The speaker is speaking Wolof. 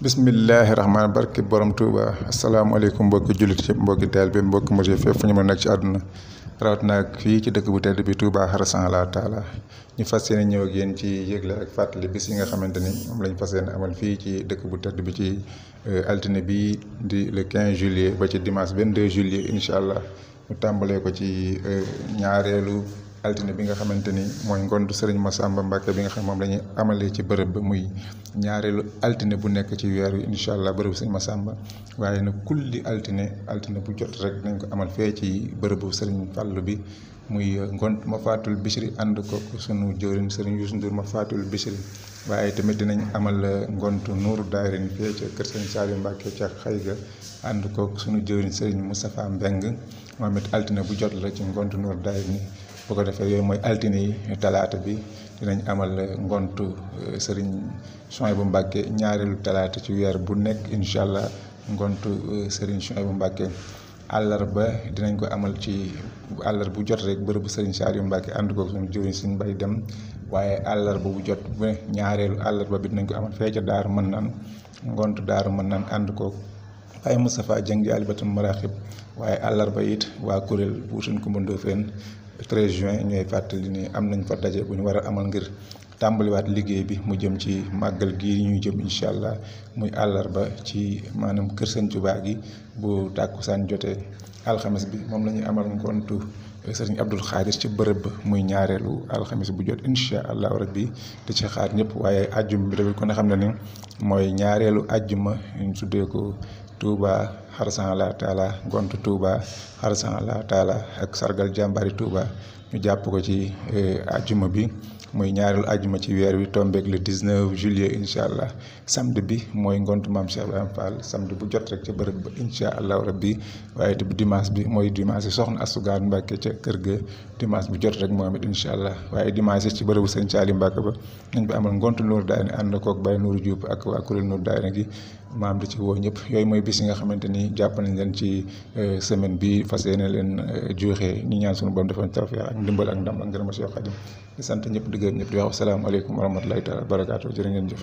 bismillahi rahmaani barki borom Touba asalaamaaleykum mbokki jullit yëpp mbokki taal bi mbokki mujj fépp fu ñu mën a ci àdduna rawat nag fii ci dëkk bu tedd bi Touba xarasan la taala ñu fas yéene ñëw ak yéen ci yëgle ak fàttali bis yi nga xamante ni moom lañ fas yéene amal fii ci dëkk bu tedd bi ci euh, altine bi di le 15 juillet ba ci dimanche 22 juillet incha allah ñu tàmbalee ko ci euh, ñaareelu. altine bi nga xamante ni mooy ngontu Serigne Massamba Mbacke bi nga xam moom la amalee ci bërëb ba muy ñaareelu altine bu nekk ci weer wi incha allah bërëbu Serigne Massamba waaye nag kulli altine altine bu jot rek nañ ko amal fee ci bërëbu Serigne Fallou bi muy ngont ma faatul Bichri ànd ko sunu jëwriñ Serigne Youssou Ndour ma faatul Bichri waaye tamit dinañ amal ngontu Nour Daarin fee ca kër Serigne Saliou Mbacke ànd ko sunu jëwriñ Serigne Moustapha Mbeng moom it altine bu jot la ci ngontu Nour Daarin bu ko defee yooyu mooy altine yi talaata bi dinañ amal ngontu euh, sëriñ bu Mbacké ñaareelu talaata ci weer bu nekk incha allah ngontu euh, sëriñ Souhaïbou Mbacké àllarba dinañ ko amal ci àllarba bu jot rek bërëbu sëriñ Saliou Mbacké ànd ko suñu jëriñ suñu bay dem waaye àllarba bu jot ba ñaareelu àllarba bi dinañ ko amal fee ca daaru mën naan ngont daaru mën naan ànd ko ay Moustapha Dieng di maraaxib waaye àllarba it waa kuréel bu suñ ko mbëndoo 13 juin ñooy fàttali ni am nañ fa daje bu ñu war a amal ngir tàmbaliwaat liggéey bi mu jëm ci màggal gi ñuy jëm incha allah muy àllarba ci maanaam kër sëñ Tuubaa gi bu tàkku tàkkusaan jotee alxames bi moom la ñuy amal ngontu sëriñ Abdul Xaadir ci bërëb muy ñaareelu alxames bu jot incha allah rabbi te ci xaar ñëpp waaye ajjum bi tamit ku ne xam ne ni mooy ñaareelu ajjuma ñu suddee ko tuba xarsan la taala gontu tuba xarsan la taala ak sargal jambari tuba ñu japp ko ci aljuma bi moy ñaaral aljuma ci wër wi ak le 19 juillet inshallah samedi bi moy gontu maam cheikh ibrahim fall samedi bu jot rek ci bërëb ba inshallah allah rabbi waaye te dimanche bi moy dimanche soxna asugaan mbàkke ci kër ga dimanche bu jot rek momit inshallah waye dimanche ci bërëbu sëñ caali mbàkke ba nañ ba amal nur daani and ko ak bay nur juub ak wa kuréel nur daani gi maam di ci woo ñëpp yooyu mooy bis yi nga xamante ni jàpp nañ leen ci euh, semaine bi fas yéene leen euh, joxe ñu ñaan suñu borom defal tawfeex ak ndimbal ak ndam ak ngërëm Cheikh Khadim di sant ñëpp di gërëm ñëpp di wax asalaamaaleykum wa rahmatulahi taala wa barakaatu jërë ngeen jëf